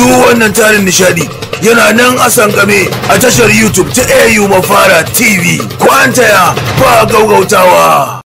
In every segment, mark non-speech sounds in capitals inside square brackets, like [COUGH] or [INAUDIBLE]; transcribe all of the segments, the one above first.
duk wannan tarin nishadi yana nan a sankame a tashar youtube ta au mafara tv kwantaya ba gaugautawa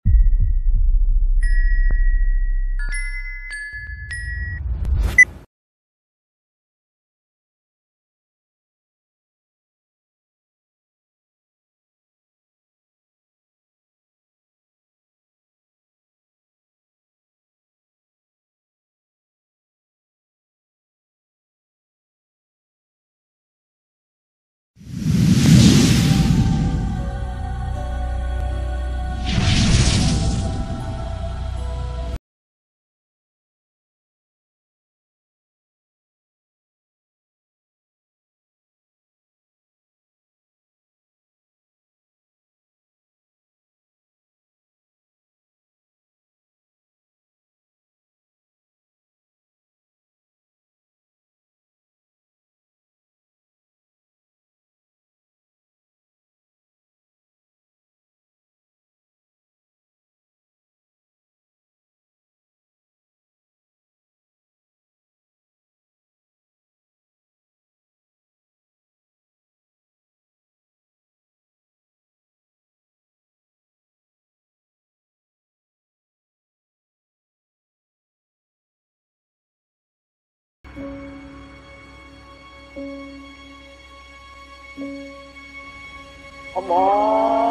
好嘛。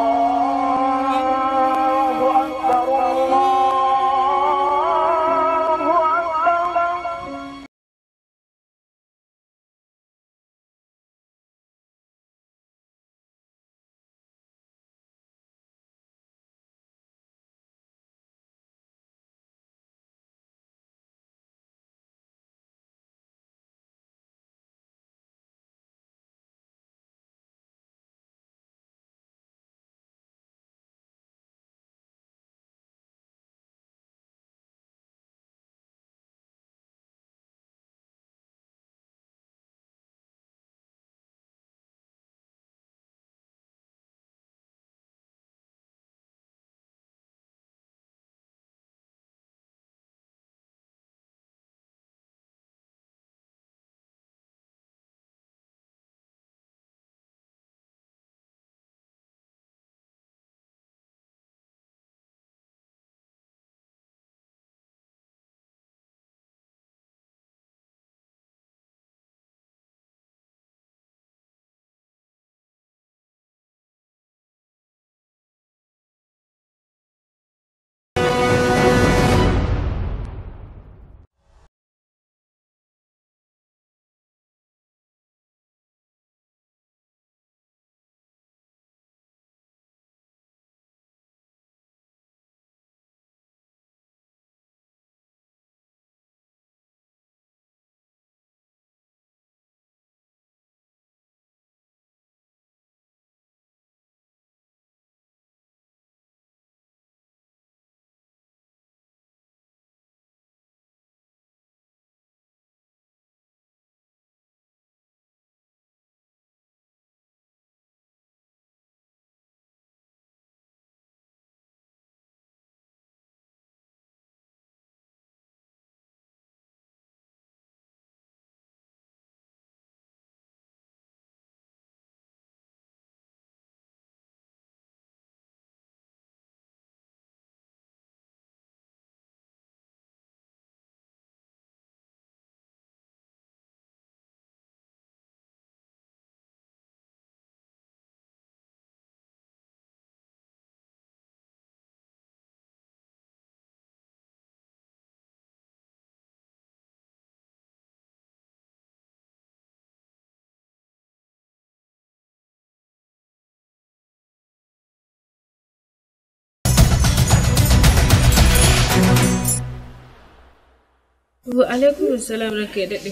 Wa alaikum salam ranka ya daɗe.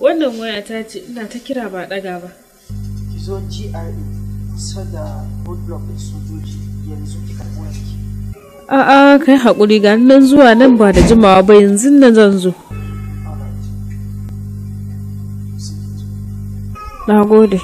Wannan waya ta ce ina ta kira ba ɗaga ba. Ki zo GRA kusa da roadblock da sojoji yanzu ki karɓi A'a kai haƙuri ga nan zuwa nan ba da jimawa ba yanzu na zan zo. Na gode.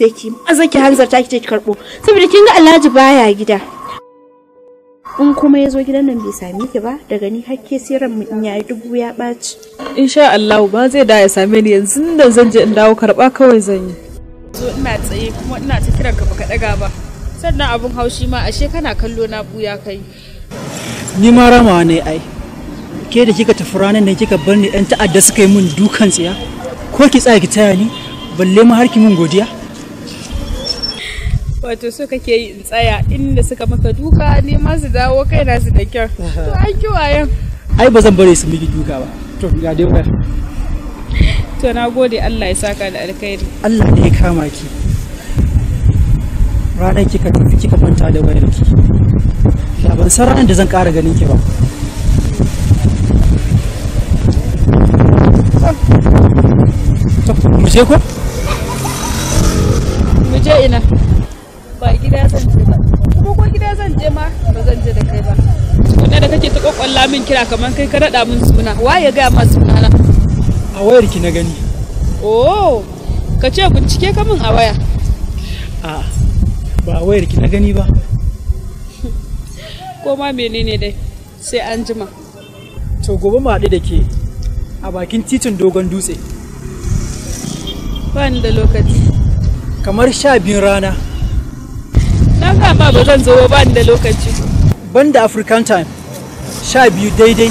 sai ki maza ki hanzarta ki ki karbo saboda kin ga Alhaji baya gida in kuma ya zo gidan nan bai same ki ba daga ni ke siran mu in yayi dubu ya ɓaci insha Allah ba zai da ya same ni yanzu da zan je in dawo karba kawai zan yi zo ina tsaye kuma ina ta kiran ka baka daga ba sannan abun haushi ma ashe kana kallo na buya kai ni ma ramawa ne ai ke da kika tafi ranar da kika bar ni yan ta'adda suka yi min dukan tsiya ko ki tsaya ki taya ni balle ma har ki min godiya wato so kake yi in tsaya inda suka maka duka ne ma su dawo kai na su da kyau to an wayan ai ba zan bare su miki duka ba to ga dai wayar to na gode Allah ya saka da alkhairi Allah ne ya kama ki ranar kika tafi kika manta da wayar ki da ban san ranar da zan ƙara ganin ki ba mu je ko mu je ina ba gida zan je ba kuma ko gida zan je ma ba zan je da kai ba wanda da kake ta kwakwalla min kira kamar kai ka raɗa min suna waye ga ma suna na a wayar ki na gani oh ka ce bincike ka min a waya a ba a wayar ki na gani ba ko ma menene dai sai an jima to gobe ma haɗu da ke a bakin titin dogon dutse ba ni da lokaci kamar sha biyun rana dama ba zan zo ba ni da lokaci ban da african time sha biyu daidai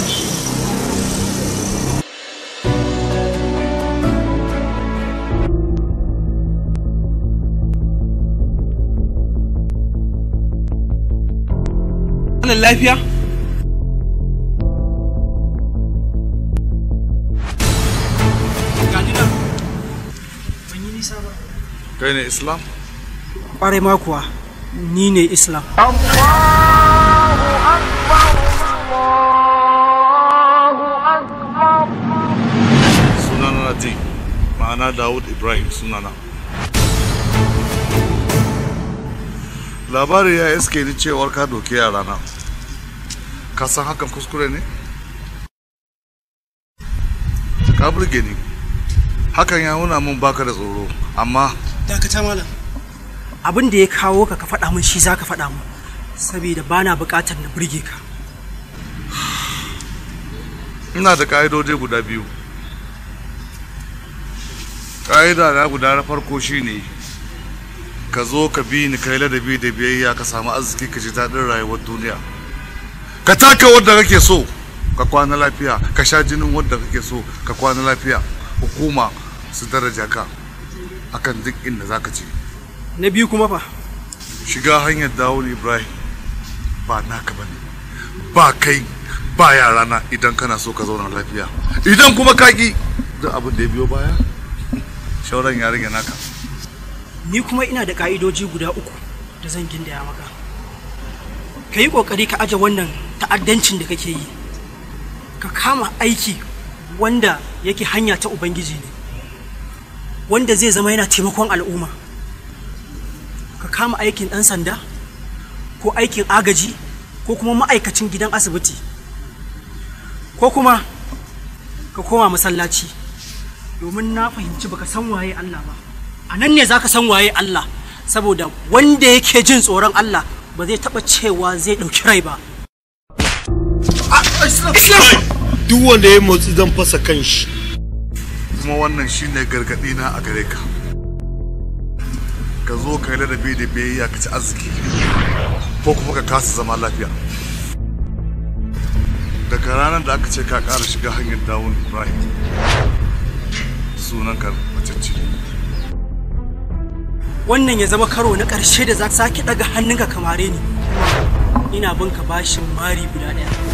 lafiya? kai ne islam? makuwa ni ne islam sunana din ma'ana dawud ibrahim sunana labari ya iske ni cewar ka doke yarana ka san hakan kuskure ne ka burge ni hakan ya nuna min baka da tsoro amma dakata malam abin da ya kawo ka ka faɗa min shi za ka faɗa min saboda ba na buƙatar na burge ka ina da ƙa'idoji guda biyu ƙa'ida na guda na farko shi ne ka zo ka bi ni kai ladabi da biyayya ka samu arziki ka ji daɗin rayuwar duniya ka taka wadda kake so ka kwana lafiya ka sha jinin wadda kake so ka kwana lafiya hukuma su daraja ka akan duk inda za ka je na biyu kuma fa shiga hanyar dawul ibrahim ba naka bane ba kai ba yarana idan kana so ka zauna lafiya idan kuma kaki duk abin da ya biyo baya shauran ya rage naka ni kuma ina da ka'idoji guda uku da zan gindaya maka ka yi ƙoƙari ka aje wannan ta'addancin da kake yi ka kama aiki wanda yake hanya ta ubangiji ne wanda zai zama yana taimakon al'umma ka kama aikin ɗan sanda ko aikin agaji ko kuma ma'aikacin gidan asibiti ko kuma ka koma masallaci domin na fahimci baka san waye Allah ba a nan ne zaka san waye Allah saboda wanda yake jin tsoron Allah ba zai taba cewa zai ɗauki rai ba duk wanda ya motsi zan fasa kanshi kuma wannan shine gargadi na a gare ka ka zo ka da ladabi da biyayya ka ci arziki ko kuma ka kasa zama lafiya daga ranar da aka ce ka ƙara shiga hanyar dawon ibrahim sunanka macece wannan ya zama karo na ƙarshe da za ka sake ɗaga hannunka kamare ni ina bin ka bashin mari guda ɗaya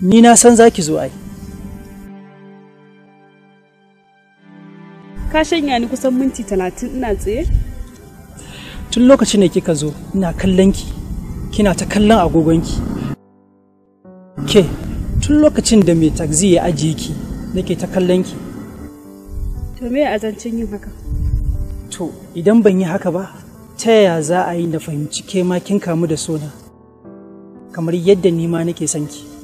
ni na san za ki zo ai ka shanya ni kusan minti talatin ina tsaye tun lokacin da kika zo ina kallon ki kina ta kallon agogon ki. ke tun lokacin da mai taxi ya ajiye ki nake ta kallon ki to me zancen yin haka to idan ban yi haka ba ta yaya za a yi na fahimci ke ma kin kamu da sona kamar yadda ni ma nake son ki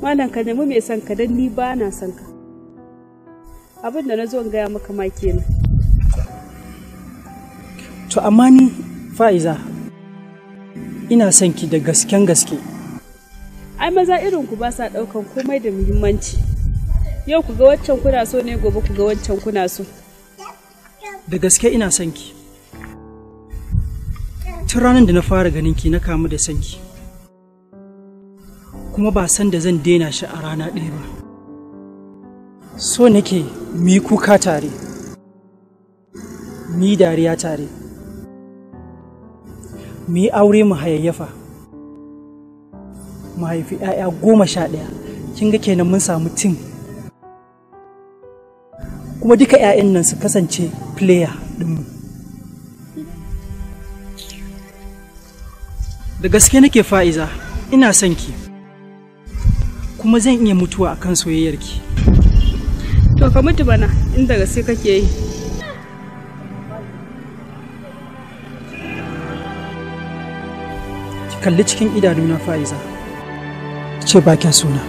malam ka nemi mai son ka don ni ba na son ka abin da na zo gaya maka ma kenan to amma ni fa'iza ina son ki da gasken gaske ai maza irin ku ba sa daukan komai da muhimmanci yau ku ga waccan kuna so ne gobe ku ga waccan kuna so da gaske ina son ki tun ranar da na fara ganin ki na kamu da son ki kuma ba san da zan daina shi a rana ɗaya ba so nake mu kuka tare mu dariya tare mu aure mu hayayyafa mu haifi 'ya'ya goma sha ɗaya kin ga kenan mun samu tim kuma duka 'ya'yan nan su kasance player ɗinmu da gaske nake fa'iza ina son ki kuma zan iya mutuwa a akan soyayyarki to ka mutu bana inda gaske kake yi ki kalli cikin idanuna fa'iza ce bakin suna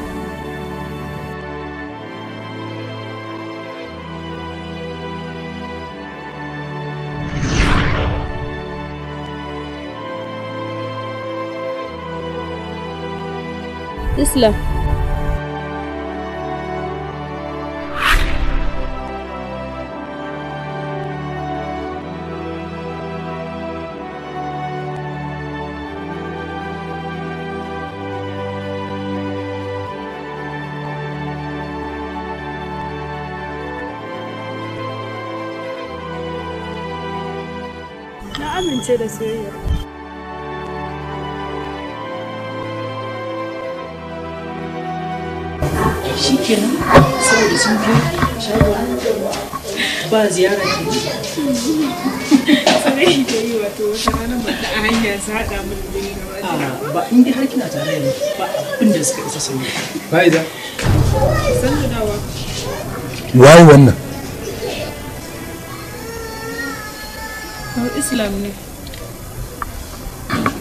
Islam şey de seviyorum. Shi kenan saboda sun fi shagon ba ziyara da yi wato ah, a hanyar sada haɗa mun jini ba in har kina tare ba suka isa ba dawa wannan Islam ne.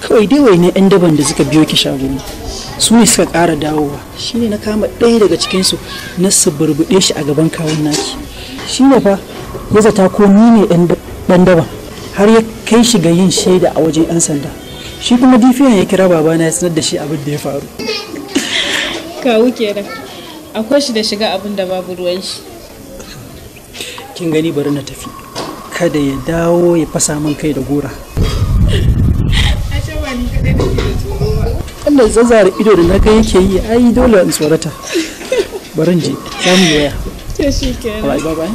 kawai dai wai ne yan daban da suka biyo ki shagoni su ne suka kara dawowa shine na kama ɗaya daga cikinsu na suburbuɗe shi a gaban kawun naki shi ne fa ya zata ko ni ne ɗan daban har ya kai shi ga yin shaida a wajen 'yan sanda shi kuma difiyan ya kira babana ya sanar da shi abin da ya faru [LAUGHS] kawu kenan akwai shi da shiga abin da babu ruwan shi kin gani bari na tafi kada ya dawo ya fasa min kai da gora da zazzara ido da na ga yake yi ai dole in tsorata barin je samu waya to shi ke bye bye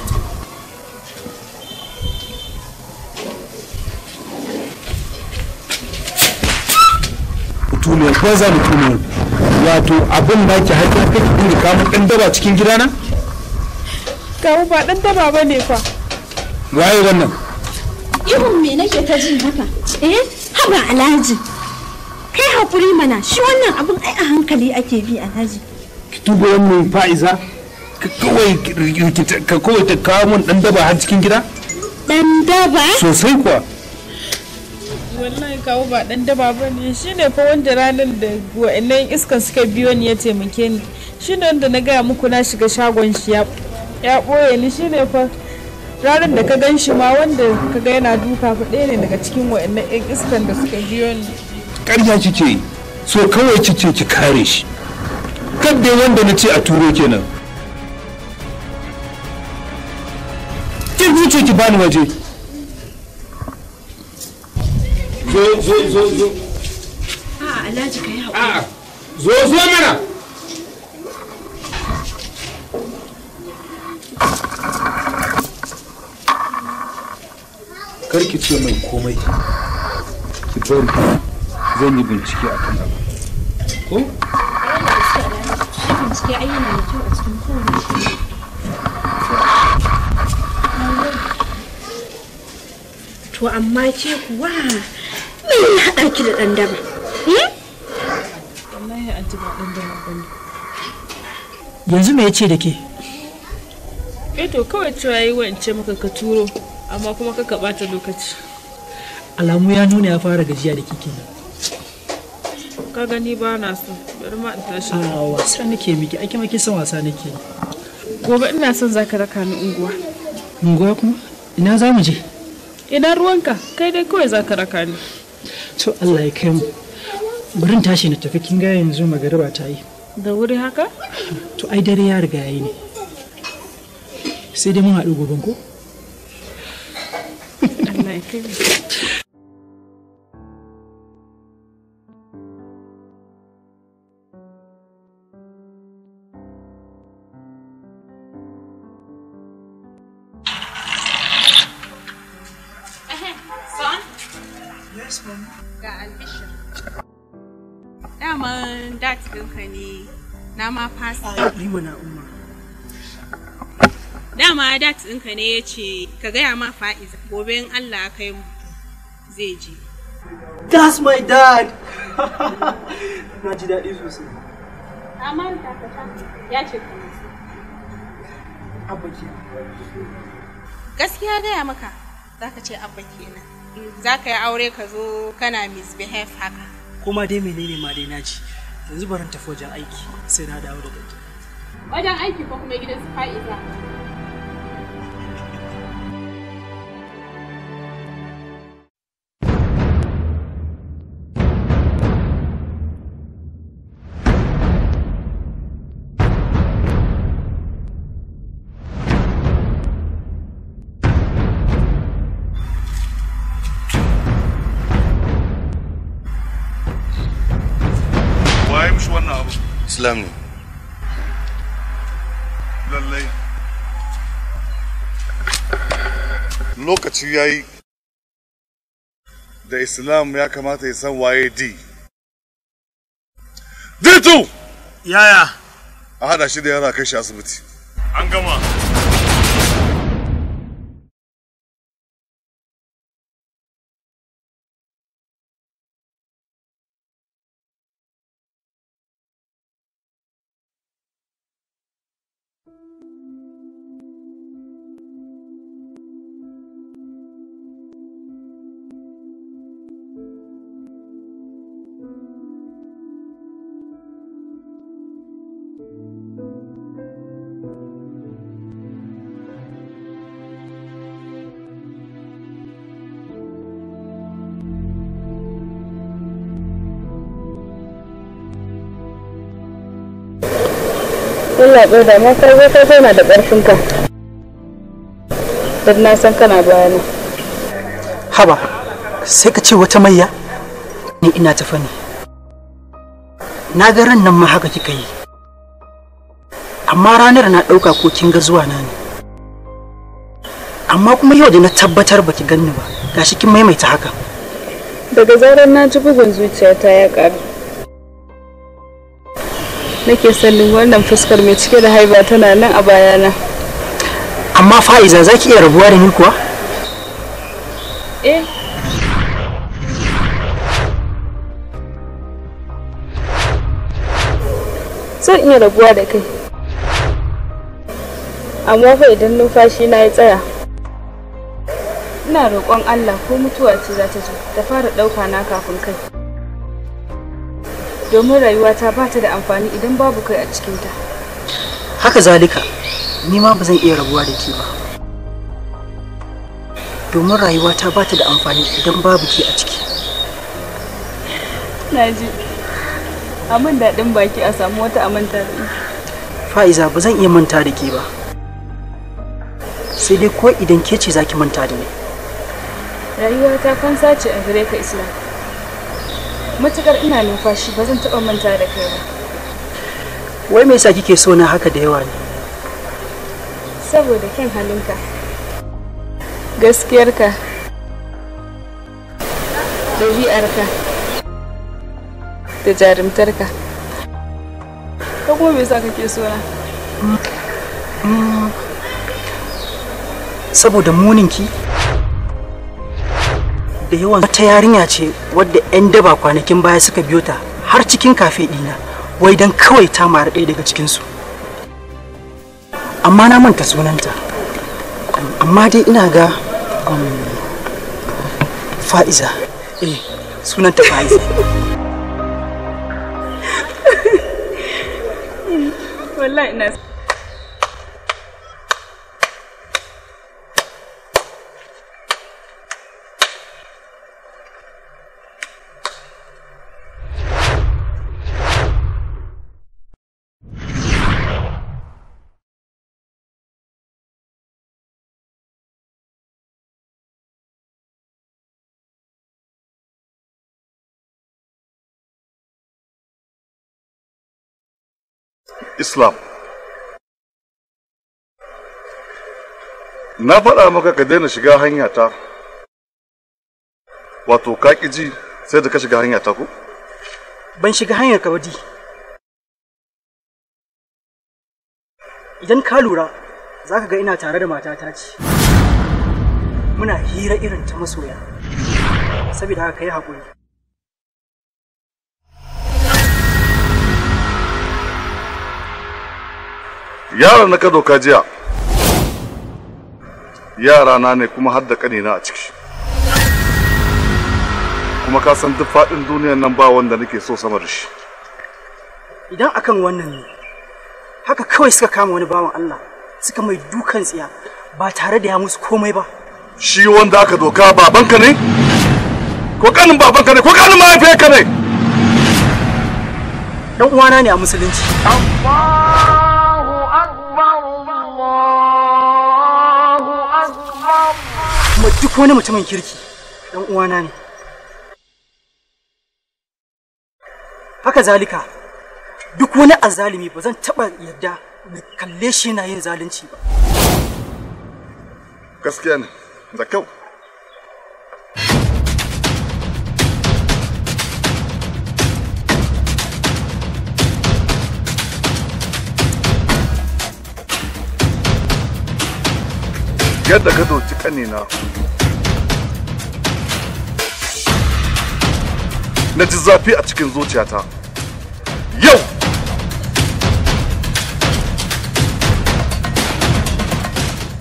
mutumiyar ko za wato abin da ke haifar kai inda kamun dan daba cikin gidana kawo ba dan daba ba ne fa waye wannan irin me nake ta jin haka eh haba alhaji hakuri mana shi wannan abin ai a hankali ake bi alhaji ki tuba yan mai fa'iza ka kawai ka kawai ta kawo mun dan daba har cikin gida dan daba sosai kuwa wallahi kawo ba dan daba bane shine fa wanda ranar da wa'annan iska suka biyo ni ya taimake ni shine wanda na gaya muku na shiga shagon shi ya ya ɓoye ni shine fa ranar da ka gan shi ma wanda ka ga yana duka fa ɗaya ne daga cikin wa'annan 'yan iskan da suka biyo ni karya kike yi so kawai kike ki kare shi kaddai wanda na ce a turo kenan ki wuce ki bani waje zo zo zo zo a zo zo mana karki ce mai komai ki bari zan yi bincike a kan abu ko? bincike ai yana da kyau a cikin kowane shi to amma ke kuwa me ya haɗa ki da ɗan daba hmm? wallahi anti ba ɗan daba bane yanzu me yace da ke eh to kawai cewa yi wance maka ka turo amma kuma ka ɓata lokaci alamu ya nuna ya fara gajiya da kike nan ka gani ba na so bari ma in tashi a ah, wasa nake miki ake maki son wasa nake gobe ina son zaka raka ni unguwa unguwa kuma ina za mu je ina ruwanka kai dai kawai zaka raka ni to Allah ya kai mu bari tashi na tafi kin ga yanzu magariba ta yi da wuri haka to ai dare ya riga yi ne sai dai mun haɗu gobe ko Allah ya kai Dama dat ɗinka ne ya ce ka gaya ma fa'iza gobe in Allah mu zai je. That's my dad! Na ya Gaskiya gaya maka za ce abba kenan. Za yi aure ka zo kana misbehave haka. Kuma dai menene ma dai na yanzu barin tafi wajen aiki sai na dawo da daddare wajen aiki ko kuma gidan su fa'iza lokaci ya yi da islam ya kamata ya san waye d d2 yaya a hada shi da yara kai shi asibiti an gama Allah bai da mun da ƙarfin ka. na san kana bayani. Haba, sai ka ce wata mayya? Ni ina tafa ne. Na ga ran nan ma haka kika yi. Amma ranar na ɗauka ko kin ga zuwa na ne. Amma kuma yau da na tabbatar baki ganni ba, gashi kin maimaita haka. Daga zarar na ji bugun zuciyata ya ƙaru. nake sanin wannan fuskar mai cike da haiba tana nan a bayana amma fa'iza za ki iya rabuwa da ni kuwa eh zan iya rabuwa da kai amma fa idan numfashi na ya tsaya ina roƙon allah ko mutuwa ce za ta zo ta fara ɗauka na kafin kai domin rayuwata ba ta da amfani idan babu kai a cikinta. Haka zalika, ni ma ba zan iya rabuwa da ke ba. Domin rayuwata ba ta da amfani idan babu ke a ciki. Naji, amin daɗin baki a samu wata amanta da Fa'iza ba zan iya manta da ke ba. Sai dai ko idan ke ce za ki manta da ni. Rayuwata kan sace a gare ka Islam. matukar ina numfashi ba zan taɓa manta da kai ba wai me yasa kike so na haka da yawa ne saboda kyan halinka gaskiyarka ɗabi'arka da jarumtarka ka kuma me yasa kake so na saboda muninki da yawan wata yarinya ce wadda 'yan daba kwanakin baya suka biyo ta har cikin kafe ɗina wai don kawai ta mara ɗaya daga cikinsu amma na manta sunanta amma dai ina ga um, fa'iza eh sunanta fa'iza [LAUGHS] wallahi ina islam na faɗa maka ka daina shiga hanya ta wato ka ji sai da ka shiga hanya ta ku ban shiga hanyar ka wadi idan ka lura za ka ga ina tare da matata ce muna hira irin ta masoya saboda haka ka yi haƙuri Yara na ka doka jiya yara na ne kuma har da kanina a ciki kuma ka san duk faɗin duniyan nan ba wanda nake so sama da shi idan akan wannan ne haka kawai suka kama wani bawan Allah suka mai dukan tsiya ba tare da ya musu komai ba shi wanda aka doka babanka ne ko kanin babanka ne ko kanin mahaifiyarka ne dan uwana ne a musulunci amma Allahu Akbar. Kuma duk wani mutumin kirki ɗan uwana ne. Haka zalika duk wani azalimi ba zan taɓa yarda na kalle shi yana yin zalunci ba. Gaskiya ne, da kyau. yadda ka doci kanina na ji zafi a cikin zuciyata yau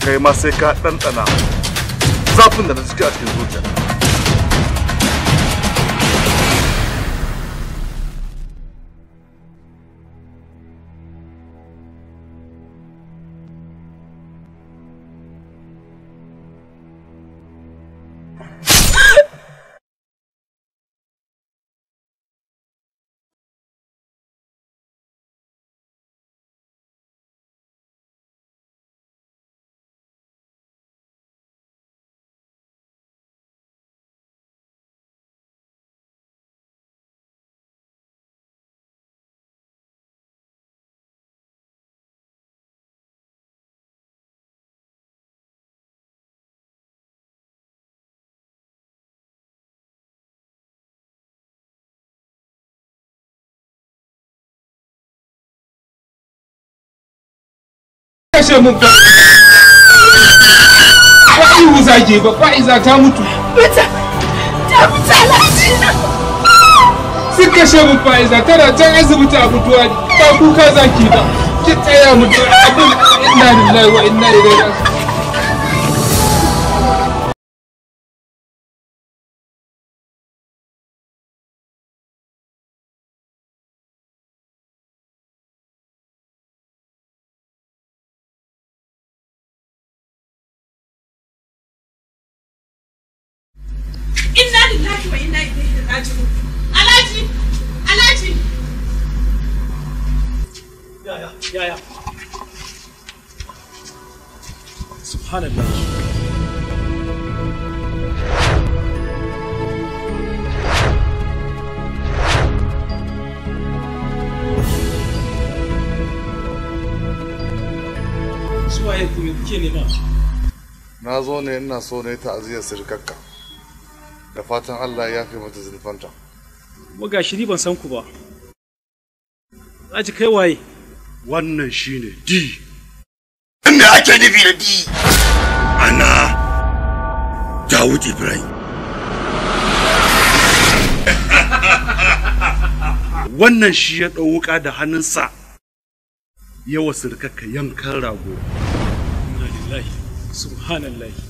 kai ma sai ka ɗanɗana zafin da na ciki a cikin zuciyata ce mun fa ba ihu zage ba fa'iza ta mutu mata ta mutu na. sun kashe fa fa'iza tana ta asibiti a mutuwa ba kuka zaki ba ki tsaya mutu abin inna lillahi wa inna ilaihi raji'un lillahi wa inna ilaihi raji'un alhaji alhaji yaya yaya subhanallah zuwa yanzu me kuke nema na zo ne ina so ne ta'aziyar sirkakka da fatan Allah ya fi mata zurfanta. Kuma ga shiri ban san ku ba. Aji kai waye? Wannan shine D. Me ake nufi da D? Ana Dawud Ibrahim. Wannan shi ya ɗau wuƙa da hannunsa yawa sirkakka yankan rago. Alhamdulillah! subhanallah.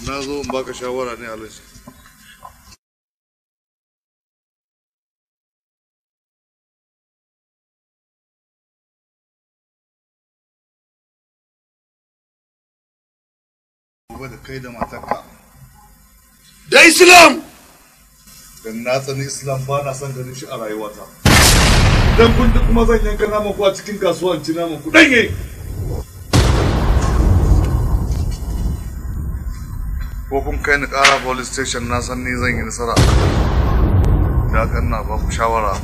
na zo in baka shawara ne shi. Ba da kai da matarka da islam Dan na san islam ba na son ganin shi a rayuwata Dan kun kuma zan yanka naman a cikin kasuwa in ci naman ko kun kai ni kara police station na san ni zan yi nasara da na, ba ku shawara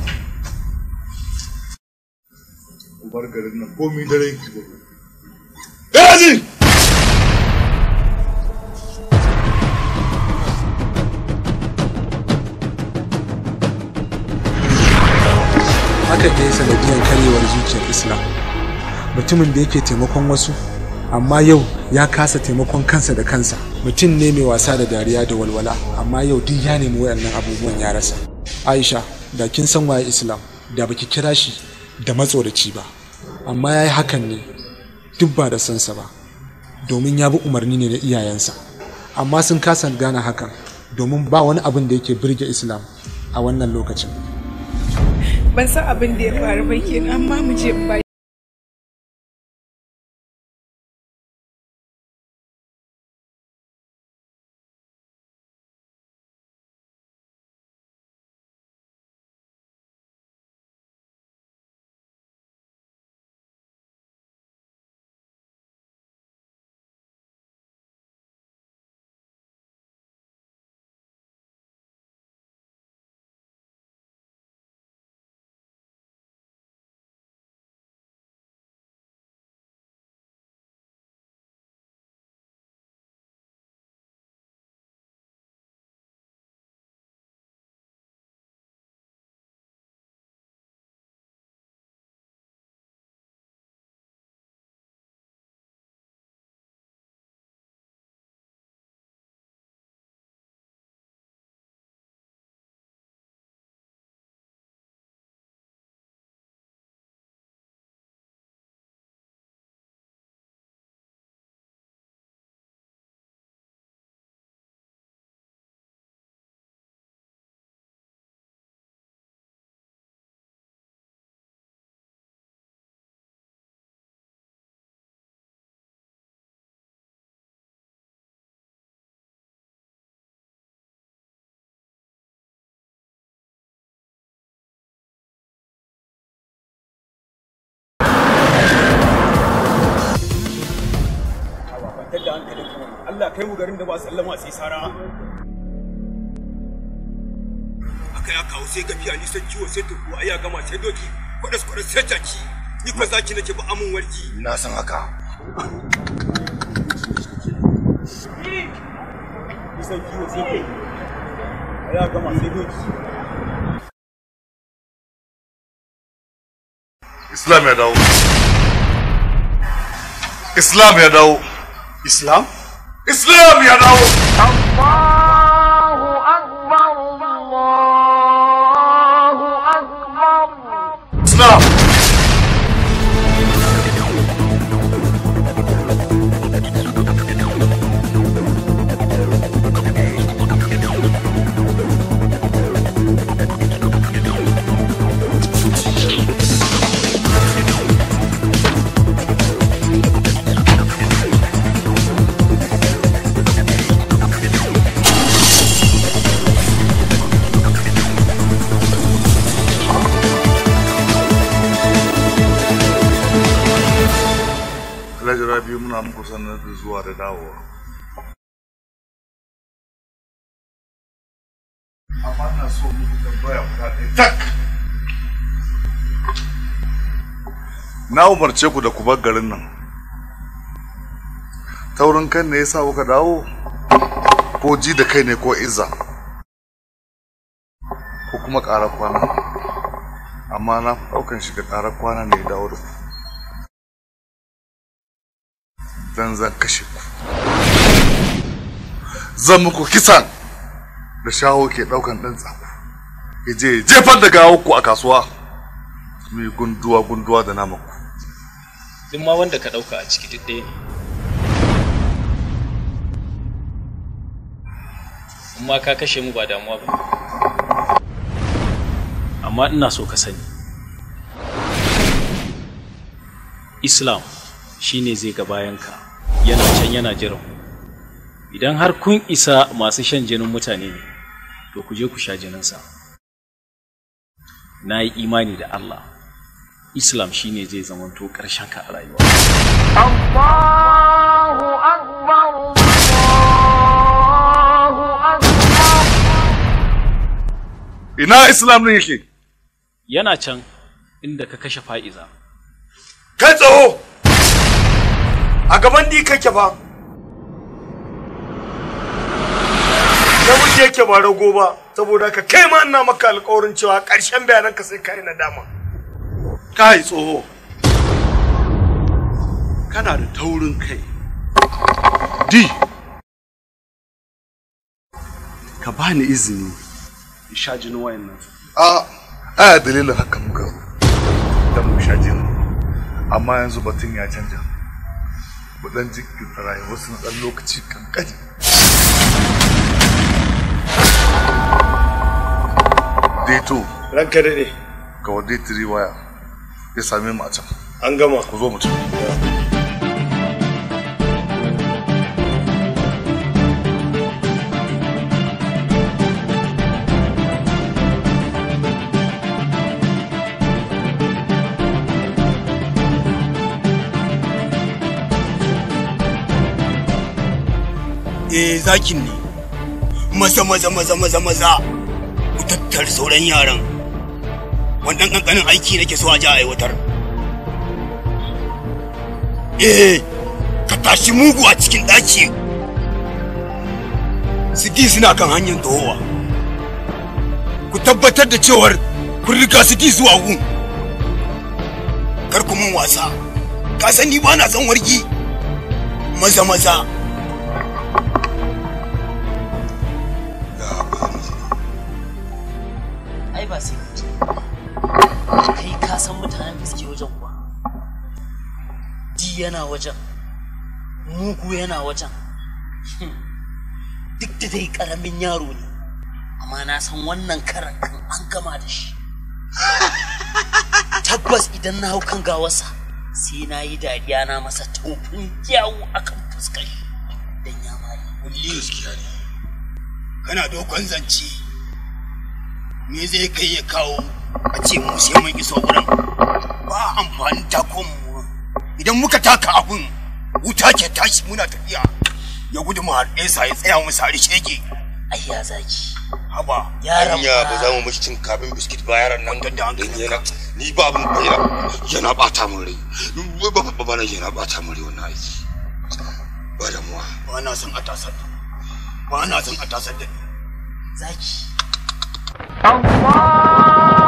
ku bar garin nan mi dare ki gobe Gaji! Haka ne sanadiyar karyewar zuciyar Islam. Mutumin da yake taimakon wasu amma yau ya kasa taimakon kansa da kansa mutum ne mai wasa da dariya da walwala amma yau duk ya nemi wayannan abubuwan ya rasa aisha da kin san waye islam da baki kira shi da matsoraci ba amma ya yi hakan ne duk ba da sansa ba domin ya bi umarni ne na iyayensa amma sun kasa gane hakan domin ba wani abin da yake birge islam a wannan lokacin ban san abin da ya faru ba kenan amma mu je kai mu garin da ba sallama sai sara aka ya kawo sai gafiya ni sai ciwo sai tuku ai ya gama sai doki kwadas kwadas sai jaki ni fa zaki nake ba amun warki na san haka ni sai ciwo sai tuku ai ya gama sai doki Islam ya dawo. Islam ya dawo. Islam? It's love, you know. muna muku sanar da zuwa da dawowa amma na so muku tambaya guda ɗaya tak na umarce ku da ku bar garin nan taurin kan ne yasa kuka dawo ko ji da kai ne ko iza ko kuma ƙarar kwana amma na ɗaukan shi da ƙarar kwana ne i da ku dan zan kashe ku zan muku kisan da shawo ke daukan dan tsaku ya je jefar da gawo ku a kasuwa mai gunduwa gunduwa da naman ku duk ma wanda ka dauka a ciki duk ɗaya ne amma ka kashe mu ba damuwa ba amma ina so ka sani islam shine zai ga bayanka yana can yana jiran idan har kun isa masu shan jinin mutane ne to ku je ku sha jininsa na yi imani da Allah Islam shine zai zamanto ƙarshenka a rayuwa Allahu akbar Allahu akbar ina Islam ne yake yana can inda ka kashe fa'iza kai tsaho a gaban di kake fa namiji yake ba rago ba saboda ka kai ma ina maka alƙawarin cewa ƙarshen bayanan ka sai na dama kai tsoho kana da taurin kai di ka bani izini in sha wayan wayannan a a dalilin haka muka da mu sha jini, amma yanzu batun ya canja mu dan jinkirta rayuwarsu na dan lokaci kankani daito ranka daɗe ga wadda waya ya same mu a can an gama ku zo mutum eh zakin ne maza maza maza maza maza ku tattara sauran yaran wannan kankanin aiki nake so a ji aiwatar eh ka tashi mugu a cikin ɗaki Sidi suna kan hanyar tohowa ku tabbatar da cewar kun riga Sidi zuwa gun kar ku mun wasa ka sani ba na son wargi maza maza san mutanen da suke wajen kuwa di yana wajen mugu yana wajen hmm. duk da dai karamin yaro ne amma na san wannan karan kan an gama da shi [LAUGHS] tabbas idan na hau kan gawarsa sai na yi dariya na masa taufin yawo akan fuskar shi don ya mari kulli gaskiya ne kana dokon zance me zai kai ya kawo a ce mu sai mun iso wurin ba amfani takon mu idan muka taka abun wuta ke tashi muna tafiya ya gudu mu harɗe sa ya tsaya mu sari shege ai ya zaki haba yaran ya ba za mu mishi cin kafin biskit ba yaran nan da an hankalinka ni ba mun bayar yana bata mun rai ba ba ba yana bata mun rai wannan aiki ba da muwa ba na son a tasar da ba na son a tasar da zaki Allah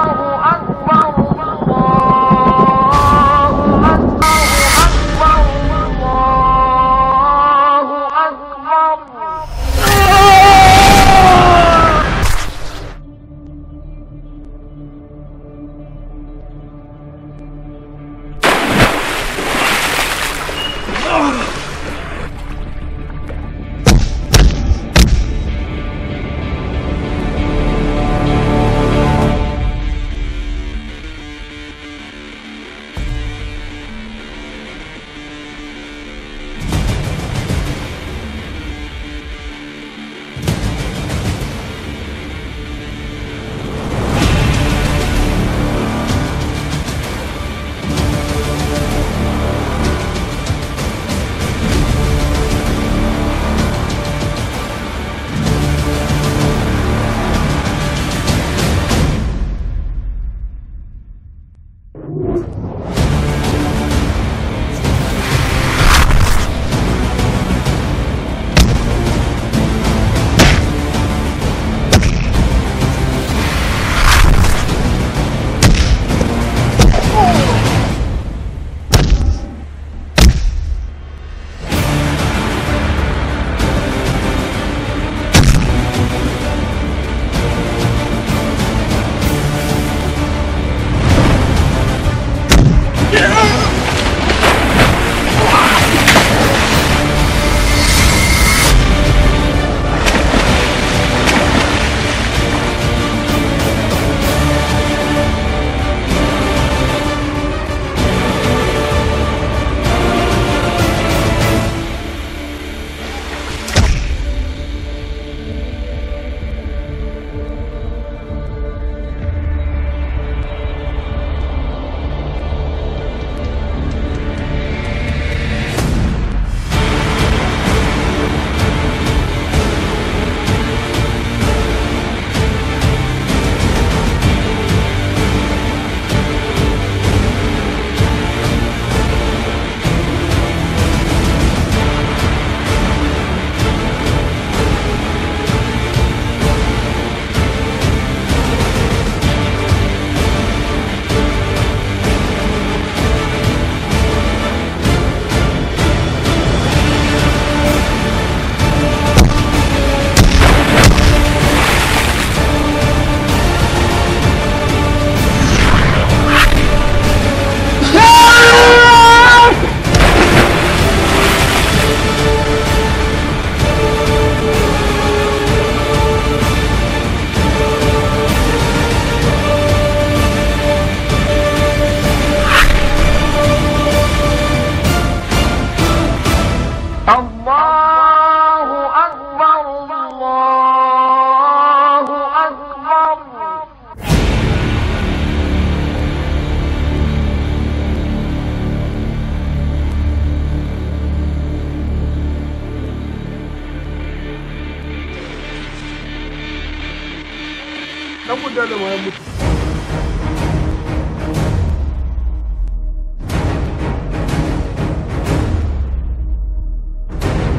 dan budala da mayan mutu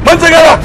Manjagara!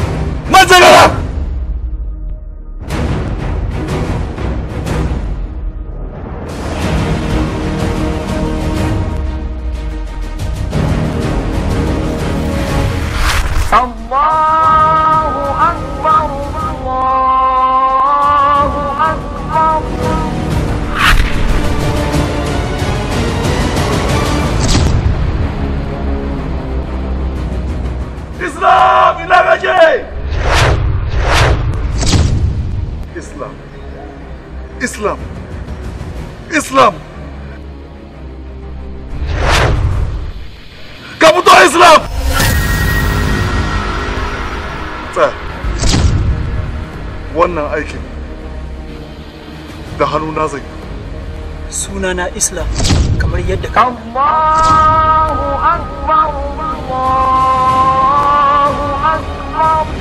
suna na islam kamar yadda ka Allahu akbar Allahu akbar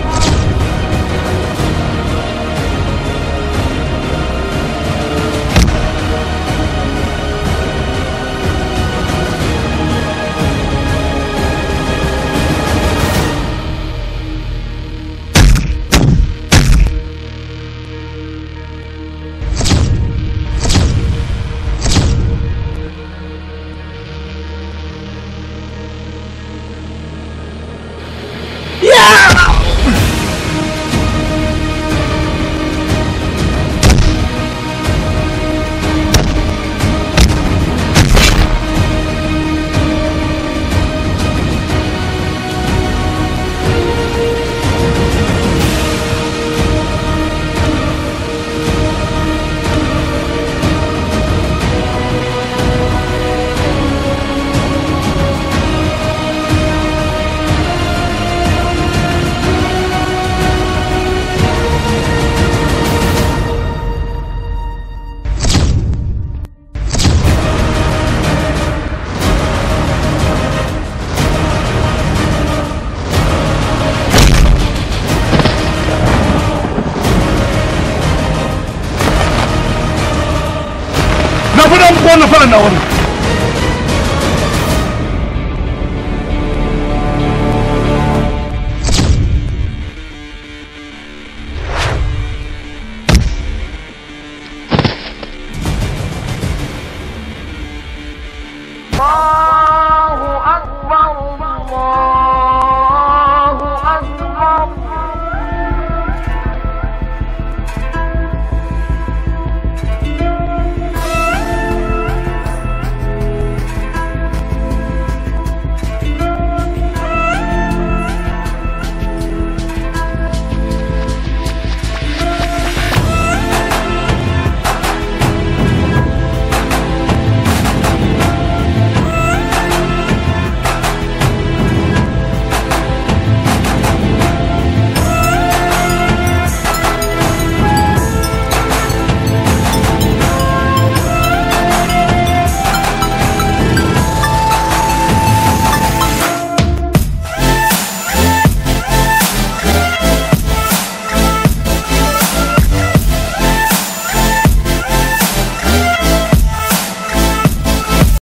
na fi dan vorne faɗan na wani